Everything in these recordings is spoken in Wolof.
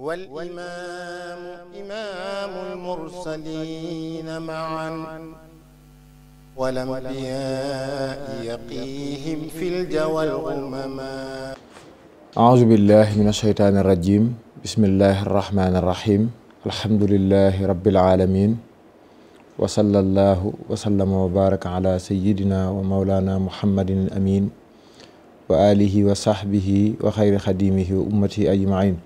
والإمام إمام المرسلين معا والأنبياء يقيهم في الجوى الغمما أعوذ بالله من الشيطان الرجيم بسم الله الرحمن الرحيم الحمد لله رب العالمين وصلى الله وسلم وبارك على سيدنا ومولانا محمد الأمين وآله وصحبه وخير خديمه وأمته أجمعين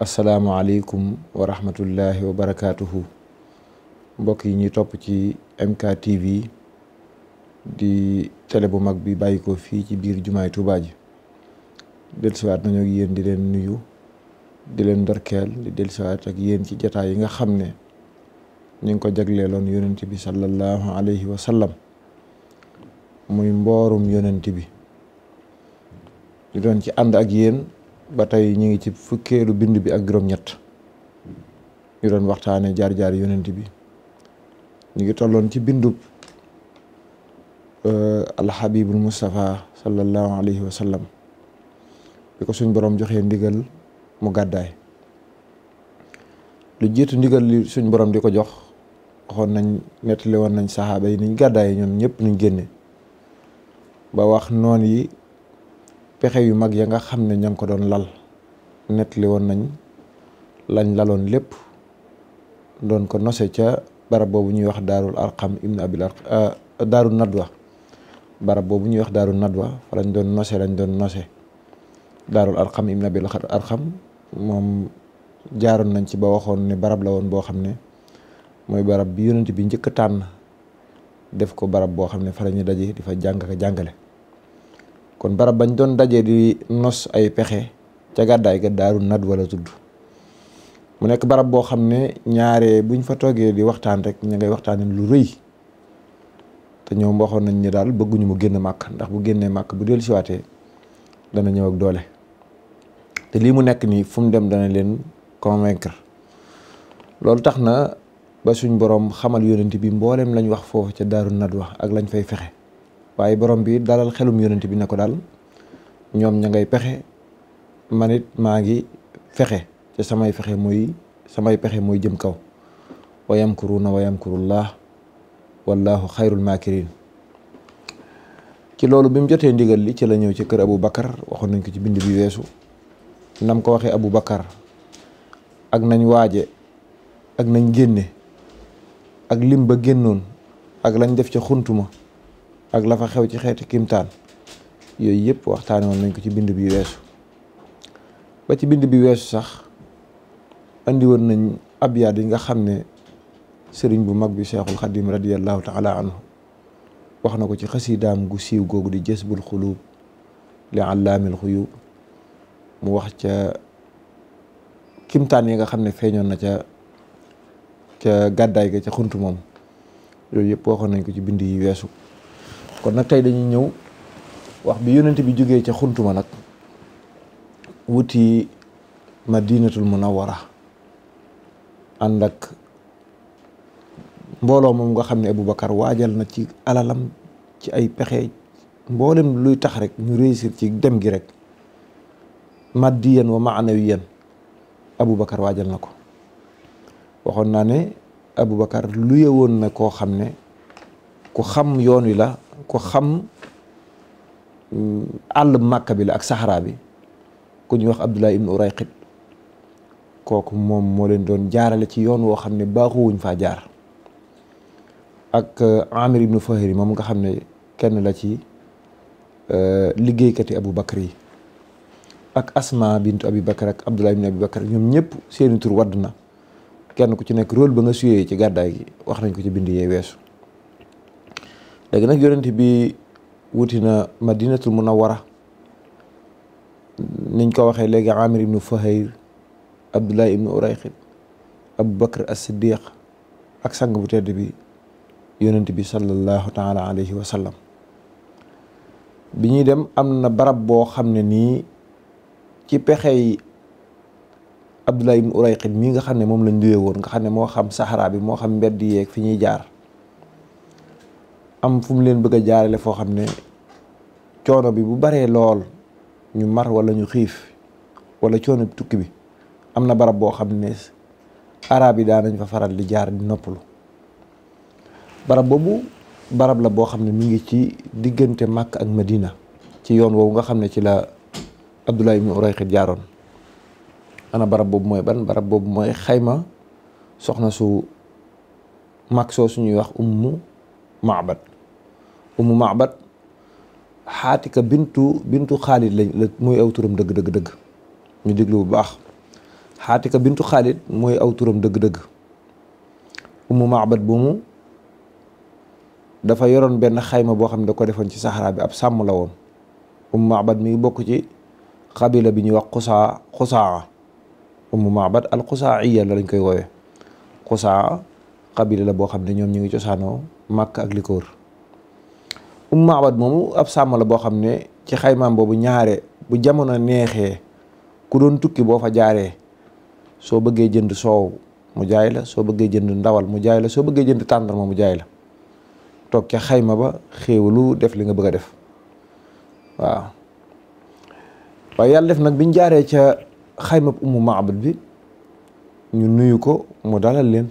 asalaamualeykum wa rahmatullahi wa barakaatuhu mbokk yi ñuy topp ci MKTV di télé bu mag bi bàyyi ko fii ci biir jumaay Tuubaa ji dellusiwaat nañu ak yéen di leen nuyu di leen ndorkeel di dellusiwaat ak yéen ci jataay yi nga xam ne ñu ngi ko jagleeloon yonent bi sallallahu alayhi wa sallam muy mboorum yonent bi di doon ci ànd ak yéen ba tey ñu ngi ci fukkeelu bind bi ak juróom-ñett ñu doon waxtaanee jaar-jaar yonent bi ñu ngi tolloon ci bindub euh, alxabibul Mustafa sallallahu alayhi wa sallam bi ko suñ borom joxee ndigal mu gàddaay lu jiitu ndigal li suñ borom di ko jox waxoon nañ nettali nañ saxaaba yi niñ gàddaay ñoom ñëpp niñ génne ba wax noon yi. pexe yu mag ya nga xam ne ña ngi ko doon lal nettali woon nañ lañ laloon lépp doon ko nose ca barab boobu ñuy wax daarul arqam ibn abil arqam euh, daaru nadwa barab boobu ñuy wax daaru nadwa fa lañ doon nose lañ doon nose daarul arqam ibn abil arqam moom jaaroon nañ ci ba waxoon ne barab la woon boo xam ne mooy barab bi yonent bi njëkk tànn def ko barab boo xam ne fa la ñuy daje di fa jàng ak jàngale kon barab bañ doon dajee di nos ay pexe ca gàddaay ga daaru nad wala tudd mu nekk barab boo xam ne ñaare buñ fa toogee di waxtaan rek ñu ngay waxtaane lu rëy te ñoom waxoon nañ ni daal bëgguñu mu génn màkk ndax bu génnee màkk bu dellu siwaatee dana ñëw ak doole te lii mu nekk nii fum dem dana leen convaincre loolu tax na ba suñ boroom xamal yonent bi mboolem lañ wax foofu ca daaru nadwa ak lañ fay fexe waaye borom bi dalal xelum yonent bi ne ko daal ñoom ña ngay pexe manit maa ngi fexe te samay fexe mooy samay pexe muy jëm kaw wa yamkuruuna wa yamkurullah wallaahu xayrul maakirin ci loolu bi mu jotee ndigal li ci la ñëw ci kër Abu Bakar waxoon nañ ko ci bind bi weesu nam ko waxee Abu Bakar ak nañ waaje ak nañ génne ak lim ba génnoon ak lañ def ca xuntuma ak la fa xew ci xeeti kimtaan yooyu yëpp waxtaane woon nañ ko ci bind bi weesu ba ci bind bi weesu sax andi woon nañ abyaat yi nga xam ne sëriñ bu mag bi cheikhul xadim radiallahu taala anhu wax na ko ci xasiidaam gu siiw googu di jësbul xuluub li allaamil xuyub mu wax ca kimtaan yi nga xam ne feeñoon na ca ca gàddaay ga ca xunt moom yooyu yëpp waxoon nañ ko ci bind yi weesu kon nag tey dañuy ñëw wax bi yónnent bi jógee ca ma nag wuti ma diinatul a munawwara ànd ak mbooloo moom nga xam ne Aboubacar waajal na ci alalam ci ay pexe mboolem luy tax rek ñu réussir ci dem gi rek maddiyan wa maanawiyan Aboubacar waajal na ko waxoon naa ne Aboubacar luye woon na koo xam ne ku xam yoon wi la ko xam mm, àll màkka bi la ak saxaraa bi ku ñu wax Abdullah ibn Urayqit kooku moom moo leen doon jaarale ci yoon woo xam ne baaxuwuñ faa jaar ak uh, Amir ibn yi moom nga xam ne kenn la ci uh, liggéeykati Abu Bakr yi ak Asma bintu Abi Bakr ak Abdullah ibn Abi Bakr ñoom ñëpp seeni tur wadd na kenn ku ci nekk rôle ba nga suyee ci gàddaay gi wax nañ ko ci bind yee weesu léegi nag yonent bi wuti na madinatul munawwara niñ ko waxee léegi amir ibnu fahayr abdullah ibnu urayqin abu bakr as siddiq ak sang bu tedd bi yonent bi sallallahu taala alayhi wa bi ñuy dem am na barab boo xam ne nii ci pexey abdullah ibnu urayqin mii nga xam ne moom lañ duwee woon nga xam ne moo xam saxaraa bi moo xam mbedd yeeg fi ñuy jaar am fu mu leen bëgg a jaarale foo xam ne coono bi bu baree lool ñu mar walla ñu xiif wala coono bi tukki bi am na barab arab yi daan nañ fa faral di jaar di noppalu barab boobu barab la boo xam ne mi ngi ci diggante Màkk ak Madina ci yoon woowu nga xam ne ci la Abdullah ibn Urayqit jaaroon ana barab boobu mooy ban barab boobu mooy xayma soxna su mag soo suñuy wax ummu Maabad umu Macbad xaatika bintu bintu Xaalid lañ la mooy aw turam dëgg dëgg dëgg ñu déglu bu baax xaatika bintu Xaalid mooy aw turam dëgg dëgg umu Macbad bu dafa yoroon benn xayma boo xam ne da ko defoon ci saxaraa bi ab sàmm la woon umu Macbad mi ngi bokk ci xabila bi ñuy wax xusaa xusaa umu Macbad al xusaaiya la lañ koy woowee xusaa xabila la boo xam ne ñoom ñu ngi cosaanoo Màkk ak li umma abad moomu ab sàmm la boo xam ne ci xaymaam boobu ñaare bu jamono neexee ku doon tukki boo fa jaaree soo bëggee jënd soow mu jaay la soo bëggee jënd ndawal mu jaay la soo bëggee jënd tàndarma mu jaay la toog ca xayma ba xéewalu def li nga bëgg a def waaw waaye yàlla def nag biñ jaaree ca xayma ummu maabad bi ñu nuyu ko mu dalal leen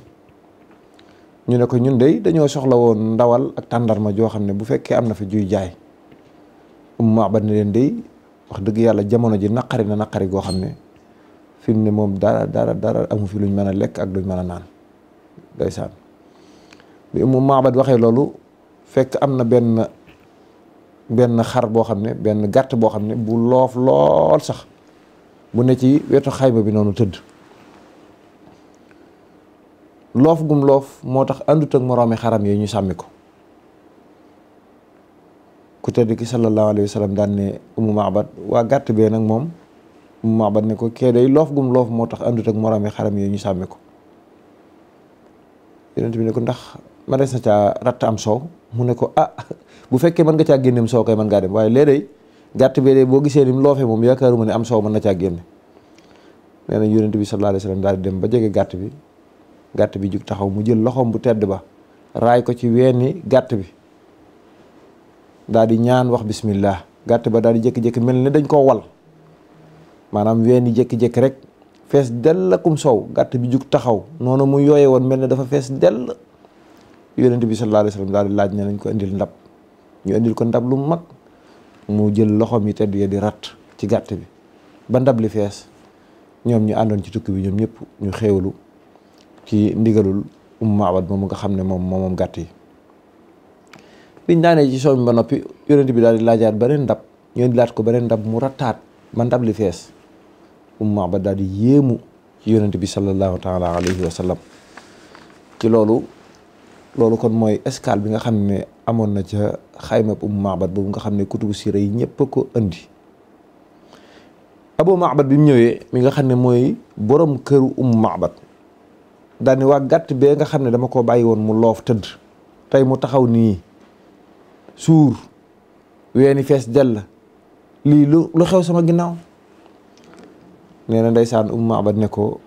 ñu ne ko ñun dey dañoo soxla woon ndawal ak tàndarma joo xam ne bu fekkee am na fa juy jaay Umm Ma'bad ne leen de wax dëgg yàlla jamono ji naqari na naqari goo xam ne fi mu ne moom dara dara dara amu fi luñ mën a lekk ak luñ mën a naan ndeysaan bi Umm Ma'bad waxee loolu fekk am na benn benn xar boo xam ne benn gàtt boo xam ne bu loof lool sax bu ne ci wetu xayma bi noonu tëdd loof gum loof moo tax àndut ak moroomi xaram yooyu ñu sàmmi ko ku tedd ki sallallahu alayhi wa sallam daan ne umu waa gàtt bee nag moom umu maabad ne ko kee day loof gum loof moo tax àndut ak moroomi xaram yooyu ñu sàmmi ko yonent bi ne ko ndax ma des na am soow mu ne ko ah bu fekkee nga caa génneem soow kay mën ngaa dem waaye léeg-léeg gàtt bee de boo gisee ni mu loofee moom yaakaaruma ne am soow mën na caa génne nee na yonent bi sallallahu alayhi wa sallam daal di dem ba jege gàtt bi gàtt bi jug taxaw mu jël loxoom bu tedd ba raay ko ci weeni gàtt bi daal di ñaan wax bismillah gàtt ba daal di jékki mel ne dañ koo wal maanaam weeni jékki-jékki rek fees dell akum sow gàtt bi jug taxaw noonu mu yooye woon mel ne dafa fees dell yonent bi sallallahu alayhi wa sallam daal di laaj ne nañ ko indil ndab ñu indil ko ndab lu mag mu jël loxoom yi tedd ya di rat ci gàtt bi ba ndab li fees ñoom ñu àndoon ci tukki bi ñoom ñëpp ñu xéewlu ci ndigalul Umm Ma'bad moom nga xam ne moom moom gàtt yi biñ daanee ci soom ba noppi yonent bi daal di laajaat beneen ndab ñoo di laat ko beneen ndab mu rattaat man ndab li fees Umm Ma'bad daal di yéemu ci yonent bi sallallahu taala alayhi wa sallam ci loolu loolu kon mooy escale bi nga xam ne amoon na ca xayma Umm Ma'bad boobu nga xam ne kutubu siira yi ñëpp a ko indi Abu Ma'bad bi ñëwee mi nga xam ne mooy boroom këru Umm Ma'bad daani waa gàtt bee nga xam ne dama koo bàyyi woon mu loof tëdd tey mu taxaw nii suur weeni fees dell lii lu lu xew sama ginnaaw nee na ndeysaan Ummu Ma'bad ne ko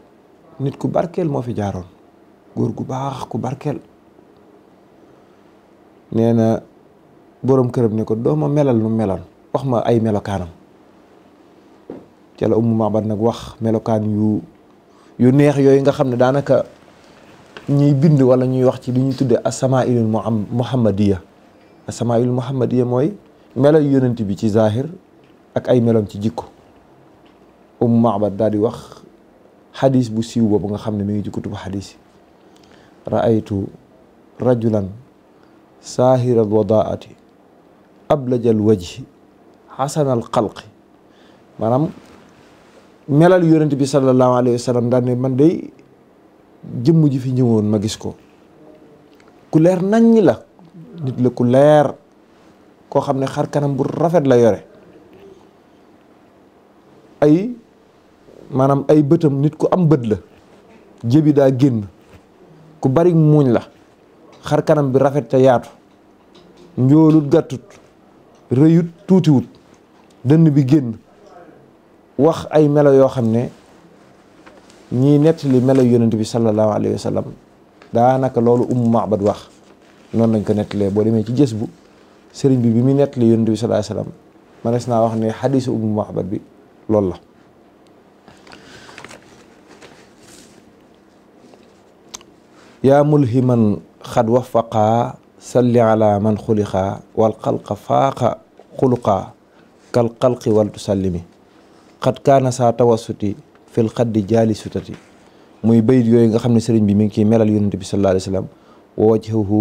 nit ku barkeel moo fi jaaroon góor gu baax ku barkeel nee na boroom këram ne ko dooma melal nu meloon wax ma ay melokaanam ca la Ummu Ma'bad nag wax melokaan yu yu neex yooyu nga xam ne daanaka ñuy bind wala ñuy wax ci li ñuy tuddee asamailul muhammadiya asamailul muhammadiya mooy melo yonent bi ci zahir ak ay meloom ci jikko um maabad daal di wax xadis bu siiw boobu nga xam ne mi ngi ci kutubu xadis yi raaytu rajulan saahiral wadaati ablajal wajhi xasanal xalqi maanaam melal yonent bi sallallahu alayhi wa sallam man day jëmm ji fi ñëwoon ma gis ko ku leer naññ la nit la ku leer koo xam ne xar kanam bu rafet la yore ay maanaam ay bëtam nit ku am bët la jébi daa génn ku bari muuñ la xar kanam bi rafet te yaatu njoolut gàttut rëyut tuutiwut dënn bi génn wax ay melo yoo xam ne ñii nettali melo yonent bi sallallahu alayhi wa sallam daanaka loolu Ummu Ma'bad wax noonu lañ ko nettalee boo demee ci jës bu sëriñ bi bi muy nettali yonent bi sallallahu alayhi wa manees naa wax ne xadiisu Ummu Ma'bad bi loolu la yaa mulhiman xad wafaqaa salli ala man xuliqaa wal xalqa faaqa xuluqaa kal xalqi wal tusallimi xad kaana saa tawassuti fil xaddi jaali sutati muy bayit yooyu nga xam ne sëriñ bi mi ngi ciy melal yonente bi sallallahu alayhi wa sallam wa wajhuhu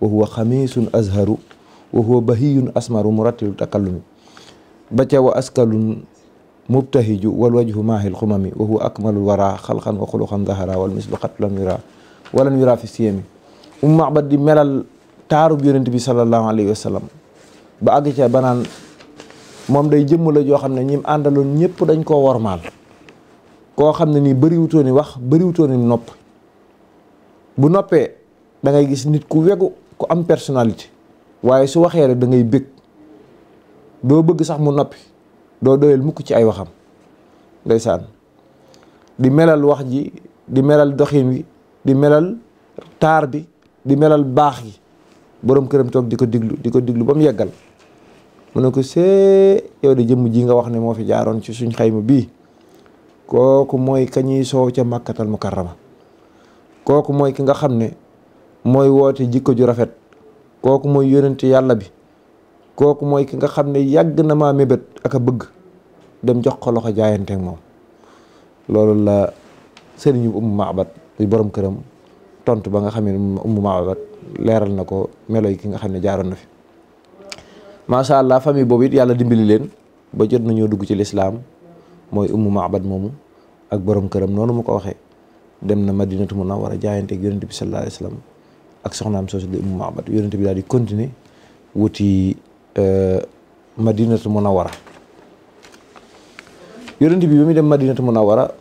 wa huwa xamiisun azharu wa huwa bahiyun asmaru murattilu takallumi ba ca wa askalun mubtahiju wal wajhu maahil xumami wa huwa akmalul wara xalxan wa xuluxan zahara wal mislu xat lam yura walan fi siyami umu mahbat di melal taarub yonente bi sallallahu alayhi wa ba àgg banaan moom day jëmm la joo xam ne ñim àndaloon ñëpp dañ koo wormaal koo xam ne nii bëriwutoo ni wax bëriwutoo ni nopp bu noppee da ngay gis nit ku wegu ku am personnalité waaye su waxee rek dangay ngay bëgg doo bëgg sax mu noppi doo doyal mukk ci ay waxam ndeysaan di melal wax ji di melal doxin wi di melal taar bi di melal baax gi boroom këram toog di ko diglu di ko diglu ba mu yeggal mu ne ko see yow de jëmm ji nga wax ni moo fi jaaroon ci suñ xayma bii kooku mooy ka ñuy soow ca màkkatal mukarrama kooku mooy ki nga xam ne mooy woote jikko ju rafet kooku mooy yónente yàlla bi kooku mooy ki nga xam ne yàgg na maa mébét ak a bëgg dem jox ko loxo jaayanteek moom loolu la sëriñu Umu Maabat muy borom këram tontu ba nga xam ne Umu Maabat leeral na ko melo ki nga xam ne jaaroon na fi macha allah famille boobu it yàlla dimbili leen ba jot nañoo dugg ci lislaam mooy ummu maabad moomu ak boroom këram noonu ma ko waxee dem na madinatu munawwara jaayante ak yonent bi sallallahu alayhi wasallam ak soxnaam soosu di ummu maabad yonent bi daal di continuer wuti euh, madinatu munawwara yonent bi ba muy dem madinatu munawwara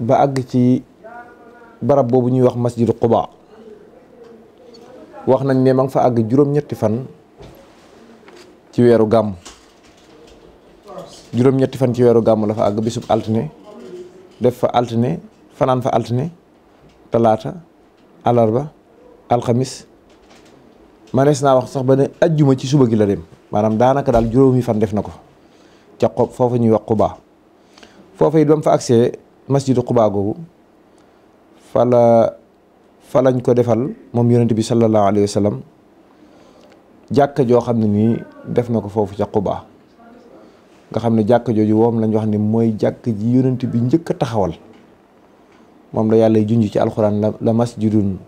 ba àgg ci barab boobu ñuy wax masjidu Quba wax nañ ne ma nga fa àgg juróom-ñetti fan ci weeru gàmm juróom-ñetti fan ci weeru gàmm la fa àgg bisub altine def fa altine fanaan fa altine talaata alarba alxamis manees naa wax sax ba ne ajjuma ci suba gila dem maanaam daanaka daal juróomi fan def na ko ca xob foofa ñuy wax xubaa foofu it ba mu fa agsee masjidu xubaa googu fala la lañ ko defal moom yonent bi sallallahu alayhi wa sallam jàkka joo xam ne nii def na ko foofu ca xubaa nga xam ne jàkk jooju woom lañ wax ne mooy jàkk ji yonent bi njëkk a taxawal moom la yàlla junj ci alxuraan la la masjidun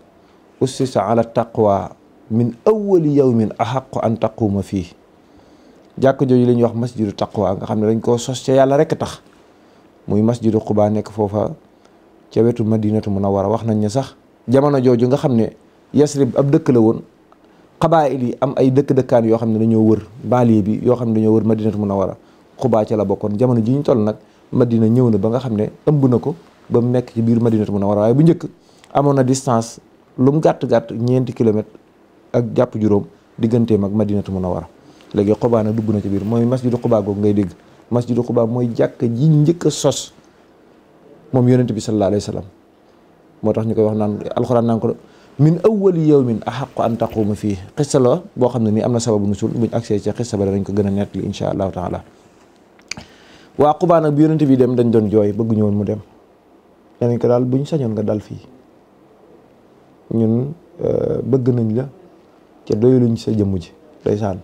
ussisa ala taqwa min awwali yawmin ahaqu an taquma fii jàkk jooju la ñuy wax masjidu waa nga xam ne dañ koo sos ca yàlla rekk tax muy masjidu xubaa nekk foofa ca wetu madinatu munawara wax nañ ne sax jamono jooju nga xam ne yasrib ab dëkk la woon xabaayil yi am ay dëkk-dëkkaan yoo xam ne dañoo wër baal baaliye bi yoo xam ne dañoo wër madinatu munawara xubaa ci la bokkoon jamono ji ñu toll nag madina ñëw na ba nga xam ne ëmb na ko ba mu nekk ci biir madinatu munawwara waaye bu njëkk amoon na distance lu mu gàtt gàtt ñeenti kilomètre ak jàpp juróom digganteem ak madinatu munawwara léegi xubaa nag dubb na ci biir mooy masjidu xubaa googu ngay dégg masjidu xubaa mooy jàkk ji njëkk sos moom yonent bi sallallahu alayhi wa sallam moo tax ñu koy wax naan alxuraan naan ko min awwali yawmin axaqu an taquuma fii ne nii am na sababu nusul buñ agsee ci ko gën a nettali incha allahu taala waa Quba nag bi yonent bi dem dañ doon jooy bëgguñu woon mu dem danañ ko daal bu ñu sañoon nga dal fii ñun euh, bëgg nañ la ca doyuluñ sa jëmm ji ndeysaan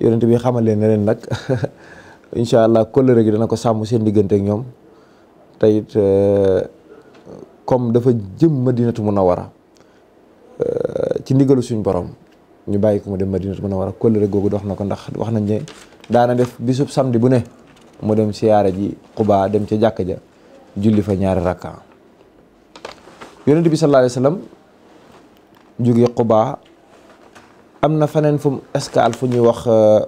yonent bi xamal leen ne leen nag incha allah kóllëre gi dana ko sàmm seen diggante ak ñoom tey it euh, comme dafa jëm ma madinatu munawara euh, ci ndigalu suñ borom ñu bàyyi ko ma dem madinatu munawara kóllëre googu dox na ko ndax wax nañ ne daana def bisub samedi bu ne mu dem siyaara ji Quba dem ca jàkka ja julli fa ñaari rakka yonent bi sallallahu alayhi wa sallam jóge Quba am na feneen fu mu escale fu ñuy wax euh,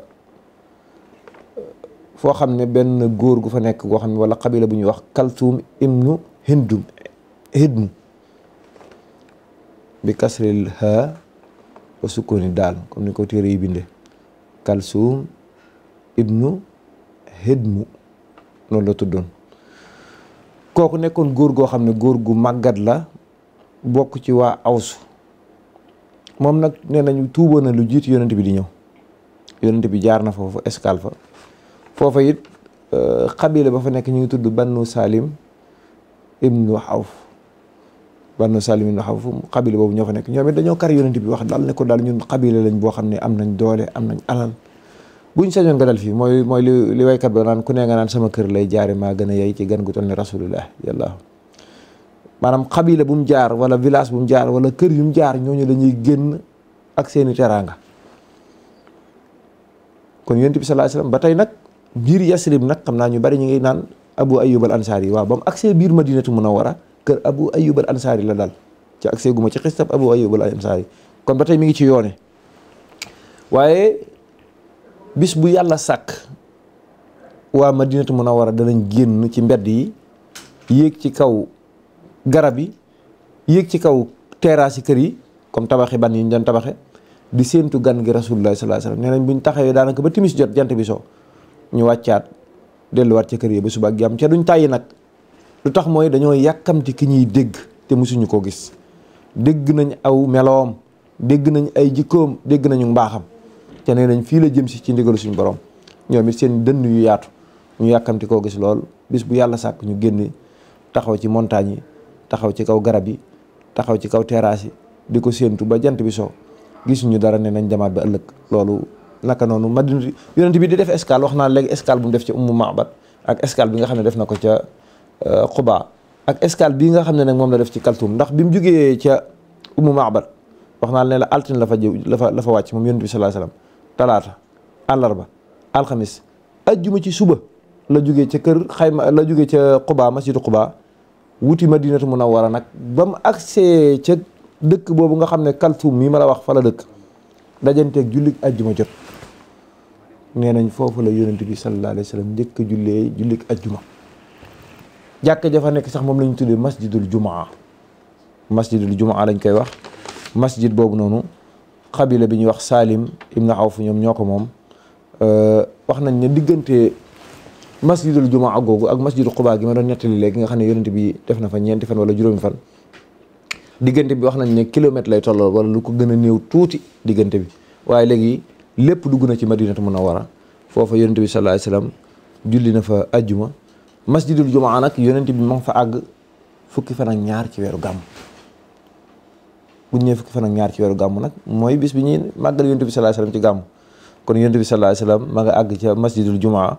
foo xam ne benn góor gu fa nekk goo xam ne wala xabila bu ñuy wax Kaltuum ibnu Hindum Hidm bi kasril ha wa sukkooni daal comme ni ko téere yi binde Kalsuum ibnu Hedmu loolu la tuddoon kooku nekkoon góor goo xam ne góor gu màggat la bokk ci waa awsu moom nag ne nañu tuuboon na lu jiit yonent bi di ñëw yonent bi jaar na foofu escale fa foofa it euh, xabila ba fa nekk ñu ngi tudd bannu salim ibnu xawf bannu salim ibnu xawf xabila boobu ñoo fa nekk ñoom it dañoo kar yonent bi wax daal ne daal ñun xabila lañ boo xam ne am nañ doole am nañ alal buñ sañoon nga dal fii mooy mooy li li waykat ba naan ku ne nga naan sama kër lay jaari maa gën a yey ci gan gu toll ni rasulullah yàlla maanaam xabila bu mu jaar wala village bu mu jaar wala kër yu mu jaar ñooñu dañuy génn ak seeni teraanga kon yonent bi sallallahu ba tey nag biir Yasrib nag xam naa ñu bari ñu ngi naan Abu Ayyub al Ansari yi waaw ba mu agsee biir Madinatu wara kër Abu Ayyub al Ansari la daal ci agsee guma ci xistab Abu Ayyub al ba tey mi ngi ci yoone bis bu yàlla sàkk waa ma madinatu munawara danañ génn ci mbedd yi yéeg ci kaw garab yi yéeg ci kaw terrasse yi kër yi comme tabaxi ban yi ñu doon tabaxe di séentu gan gi rasulullah sallallahu alayhi wasallam nee nañ ñu taxawee daanaka ba timis jot jant bi so ñu wàccaat delluwaat ci kër yi ba suba ak jàmm ca duñ tàyyi nag lu tax mooy dañoo yàkkamti ki ñuy dégg te mosuñu koo gis dégg nañu aw meloom dégg nañ ay jikkoom dégg nañu mbaaxam te nee nañ fii la jëm si ci ndigalu suñu borom ñoom it seen dënn yu yaatu ñu yàkkamti koo gis lool bis bu yàlla sàkk ñu génn taxaw ci montagne yi taxaw ci kaw garab yi taxaw ci kaw terrasse yi di ko séentu ba jant bi so gisuñu dara ne nañ jamaat ba ëllëg loolu naka noonu madinatu yonent bi di def escale wax naa léegi escale bu mu def ci ummu maabat ak escale bi nga xam ne def na ko ca xubaa euh, ak escale bii nga xam ne nag moom la def ci kaltum ndax bi mu jógee ca ummu maabat wax naa ne la altine la fa la fa la fa wàcc moom yonent bi sallallahu alayhi wasallam talaata àllarba alxamis ajjuma ci suba la jógee ca kër xayma la jógee ca Quba masjidu Quba wuti madinatu munawwara nag ba mu agsee ca dëkk boobu nga xam ne Kalthum mii ma la wax fa la dëkk dajanteeg jullit ajjuma jot nee nañ foofu la yonent bi sallallahu alayhi wa sallam njëkk a jullee jullit ajjuma jàkk jafa nekk sax moom la ñu tuddee masjidul jumaa masjidul jumaa lañ koy wax masjid boobu noonu xabila bi ñuy wax saalim Salim ibnu Awf ñoom ñoo ko moom euh, wax nañ ne diggante masjidul jumaa googu ak masjidul xubaa gi ma doon nettali léegi nga xam ne yonent bi def na fa ñeenti fan wala juróomi fan diggante bi wax nañ ne kilomètre lay tolloo wala lu ko gën a néew tuuti diggante bi waaye léegi lépp dugg na ci madinatu munawara foofa yonent bi sallallahu alayhi wasallam julli na fa ajjuma masjidul juma nag yonent bi ma fa àgg fukki fan ak ñaar ci weeru gàmm bu ñu ñëwee fukki fan ak ñaar ci weeru gàmm nag mooy bis bi ñuy màggal yonent bi sallallahu alayhi wasallam ci gàmm kon yonent bi sallallahu alayhi wasallam ma nga àgg ca masjidul jumaa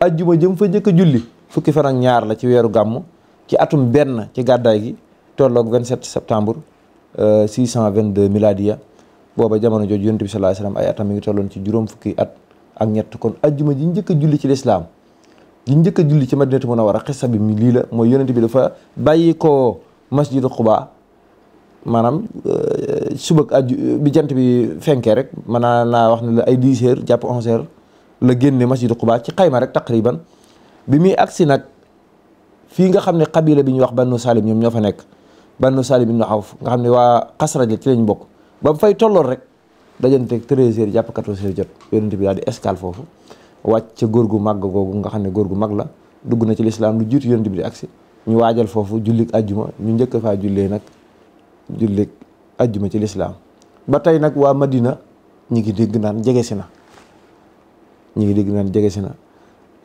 ajjuma jëm fa njëkk a julli fukki fan ak ñaar la ci weeru gàmm ci atum benn ci gàddaay gi tolloog 27 septembre 622 euh, miladiya booba jamono jooju yonent bi sallallahu alayhi wasallam ay atam mi ngi tolloon ci juróom fukki at ak ñett kon ajjuma ji njëkk julli ci lislaam ji njëkk a julli ci madinatu munawwara xissa bi mi lii la mooy yonent bi dafa bàyyi ko masjidu xubaa maanaam euh, suba ak aju bi jant bi fenkee rek mën naa naa wax ne la ay 10 heures jàpp 11 heures la génne masjidu Quba ci xayma rek taqriban bi muy agsi nag fii nga xam ne xabila bi ñuy wax bannu Salim ñoom ñoo fa nekk bannu Salim ibnu Awf nga xam ne waa Xasraj la lañ bokk ba mu fay tolloon rek dajanteeg 13 heures jàpp 14 heures jot yonent bi foofu wàcc ca góor gu màgg googu nga xam ne góor gu mag la dugg na ci lislaam lu jiitu yonent bi di agsi ñu waajal foofu jullik ajjuma ñu njëkk faa jullee nag jullig ajjuma ci lislaam ba tey nag waa Madina ñi ngi dégg naan jege si na ñi ngi dégg naan jege si na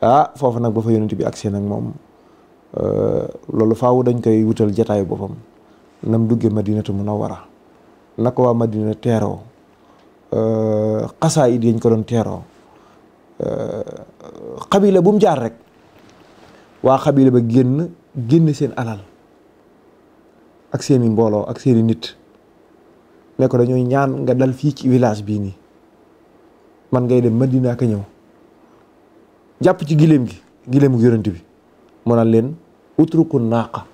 ah foofu nag ba fa yonent bi ak seen ak moom euh, loolu faawu dañ koy wutal jataayu boppam nam duggee Madinatu Munawwara na ko waa Madina teeroo euh, xasaayid yañ ko doon teeroo euh, xabila bu mu jaar rek waa xabila ba génn génn seen alal ak seeni mbooloo ak seeni nit ne ko dañooy ñaan nga dal fii ci village bii nii man ngay dem Madina ak ñëw jàpp ci giléem gi giléem gu yonent bi mu naan leen utruku naaqa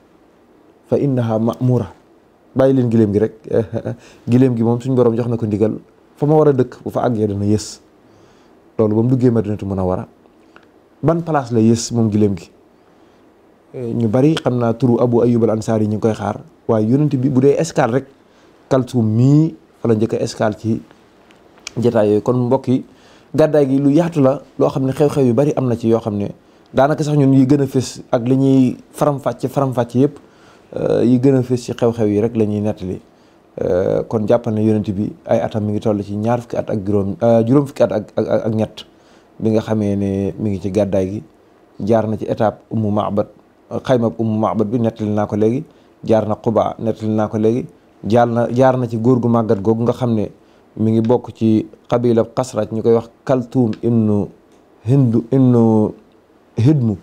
fa innaha ma'mura bàyyi leen giléem gi rek giléem gi moom suñ borom jox na ko ndigal fa ma war a dëkk bu fa àggee dana yées loolu ba mu duggee Madinatu Munawwara ban place la yées moom giléem gi eh, ñu bari xam naa turu Abu Ayyub al Ansaari yi ñu ngi koy xaar waaye yonent bi bu dee escale rek Kalsum mii fa njëkk a escale ci jataay yooyu kon mbokk yi gàddaay gi lu yaatu la loo xam ne xew-xew yu bari am na ci yoo xam ne daanaka sax ñun yi gën a fës ak li ñuy faram-fàcce faram-fàcce yëpp euh, yi gën a fës ci xew-xew yi rek la ñuy nettali euh, kon jàppal na yonent bi ay atam mi ngi toll ci ñaar fukki at ak juróom euh, juróom fukki at ak ñett bi nga xamee ne mi ngi ci gàddaay gi jaar na ci étape ummu maabat xaymab ummu maabat bi nettali naa ko léegi jaar na Quba nettali naa ko léegi jaar na jaar na ci góor gu màggat googu nga xam ne mi ngi bokk ci xabila xasraj ñu koy wax kaltuum ibnu hindu ibnu hidmu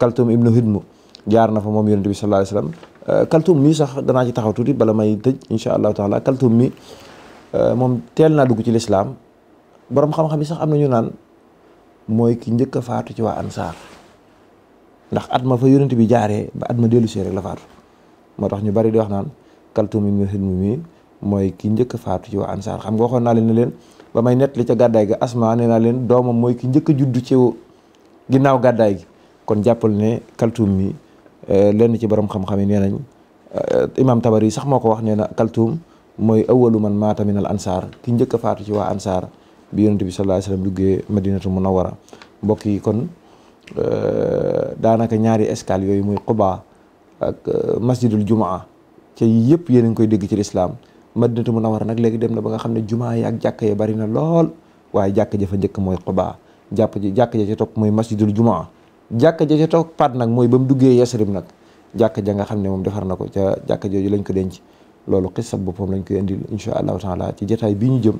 kaltuum ibnu hidmu jaar na fa moom yonent bi sallallahu alayhi wasallam euh, kaltuum mi sax danaa ci taxaw tuuti bala may tëj insha allahu taala kaltuum mi euh, moom teel naa dugg ci lislaam borom xam-xam yi sax am na ñu naan mooy ki njëkk faatu ci waa ansaar ndax at ma fa yonent bi jaaree ba at ma dellu see rek la faatu moo tax ñu bari di wax naan kaltum mi mooy ki njëkk faatu ci waa ansaar xam nga waxoon naa leen leen ba may nett li ca gàddaay gi asma nee naa leen doomam mooy ki njëkk juddu judd ci ginnaaw gàddaay gi kon jàppal ne kaltum mi eh, lenn ci borom xam-xam yi nee nañ eh, imam tabari sax moo ko wax nee na kaltum mooy awalu man maata min al ansaar ki njëkka faatu ci waa ansaar bi yonente bi sallallahu alayhi wasallam duggee madinatu munawwara mbokk yi kon eh, daanaka ñaari escale yooyu muy Quba ak euh, masjidul jumaa ca yëpp yéen a koy dégg ci lislaam madinatu munawara nag léegi dem na ba nga xam ne jumaa yi ak jàkka yi bari na lool waaye jàkka ja fa njëkk mooy Quba jàpp ji jàkka ja ca topp mooy masjidul jumaa jàkka ja ca topp pat nag mooy ba mu duggee Yasrib nag jàkka ja nga xam ne moom defar na ko ca jàkka jooju lañ ko denc loolu xisab boppam lañ koy indil incha allahu taala ci jotaay bi ñu jëm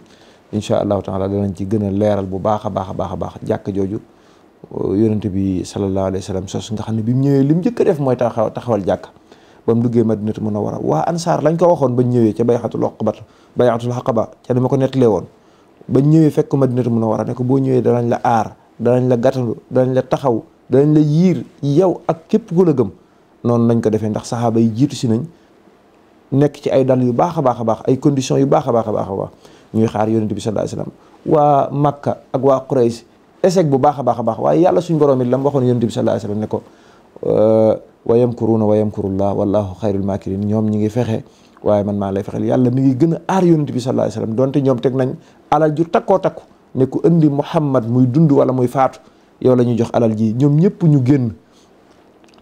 incha allahu taala danañ ci gën a leeral bu baax a baax a baax a baax jàkka jooju yonent bi sallallahu alayhi wa sallam sos nga xam ne bi mu ñëwee li mu njëkk a def mooy taxaw taxawal jàkk ba mu duggee madinatu munawwara waa ansaar lañ ko waxoon ba ñëwee ca bayxatul aqaba bayxatul aqaba ca ni ma ko nettalee woon ba ñëwee fekk madinatu munawwara ne ko boo ñëwee danañ la aar danañ la gàttandu danañ la taxaw danañ la yiir yow ak képp ku la gëm noonu lañ ko defee ndax saxaaba yi jiitu si nañ nekk ci ay dal yu baax a baax a baax ay conditions yu baax a baax baax a baax xaar yonent bi sallallahu alayhi waa Makka ak waa Quraysh échec bu baax baax a baax waaye yàlla suñ borom it la mu waxoon yonent bi sallallahu alayhi ne ko euh, wa yamkuruuna wa yamkurullah wallahu xayrul makirin ñoom ñi ngi fexe waaye man maa lay fexel yàlla mi ngi gën a aar yonent bi sallallahu alayhi wa donte ñoom teg nañ alal ju takkoo takku ne ku indi Muhammad muy dund wala muy faatu yow la ñuy jox alal ji ñoom ñëpp ñu génn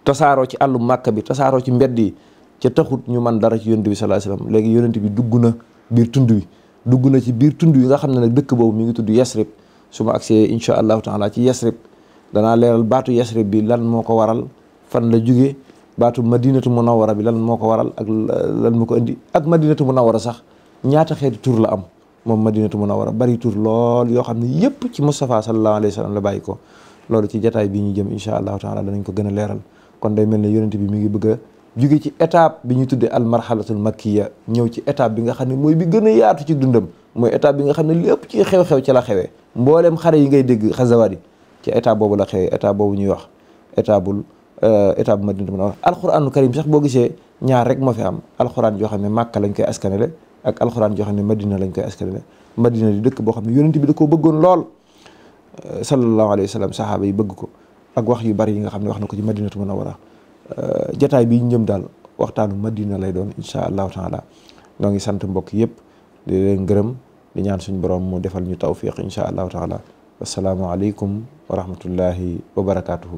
tasaaroo ci àllu màkk bi tasaaroo ci mbedd yi ca taxut ñu man dara ci yonent bi sallallahu alayhi léegi yonent bi dugg na biir tund wi dugg na ci biir tund yi xam ne nag dëkk boobu mi ngi tudd Yasrib su ma agsee incha allahu taala ci yasrib danaa leeral baatu yasrib bi lan moo ko waral fan la jóge baatu madinatu munawara bi lan moo ko waral ak lan moo ko indi ak madinatu munawara sax ñaata xeeti tur la am moom madinatu munawara bari tur lool yoo xam ne yépp ci Moustapha sallallahu alayhi wa sallam la bàyyi ko loolu ci jataay bi ñu jëm incha allahu taala danañ ko gën a leeral kon day mel ne yonent bi mi ngi bëgg a ci étape bi ñu tuddee al marhalatul makkiya ñëw ci étape bi nga xam ne mooy bi gën a yaatu ci dundam mooy étape bi nga xam ne ci xew-xew ci la xewee mboolem xare yi ngay dégg xazawaat yi ci état boobu la xëy état boobu ñuy wax état bul euh, état bu na mën a wax alxuraanu karim sax boo gisee ñaar rek moo fi am alxuraan joo xam ne Màkka lañ koy askanale ak alxuraan joo xam ne Madina lañ koy askanale Madina di dëkk boo xam ne yonent bi da koo bëggoon lool euh, sallallahu alayhi wa sallam saxaaba yi bëgg ko ak wax yu bari yi nga xam ne wax na ko ci Madinatu Munawwara euh, jataay bi ñu jëm daal waxtaanu Madina lay doon incha allahu taala ñoo ngi sant mbokk yëpp di leen di ñaan suñu borom mu defal ñu tawfiq incha allahu taala wasalaamualeykum wa rahmatullahi wa barakaatuhu.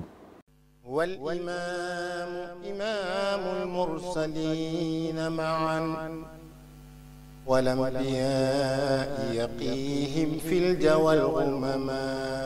wal imaamu imaamul mursaliina ma'an wal anbiyaa'i yaqiihim fil jawwal umamaa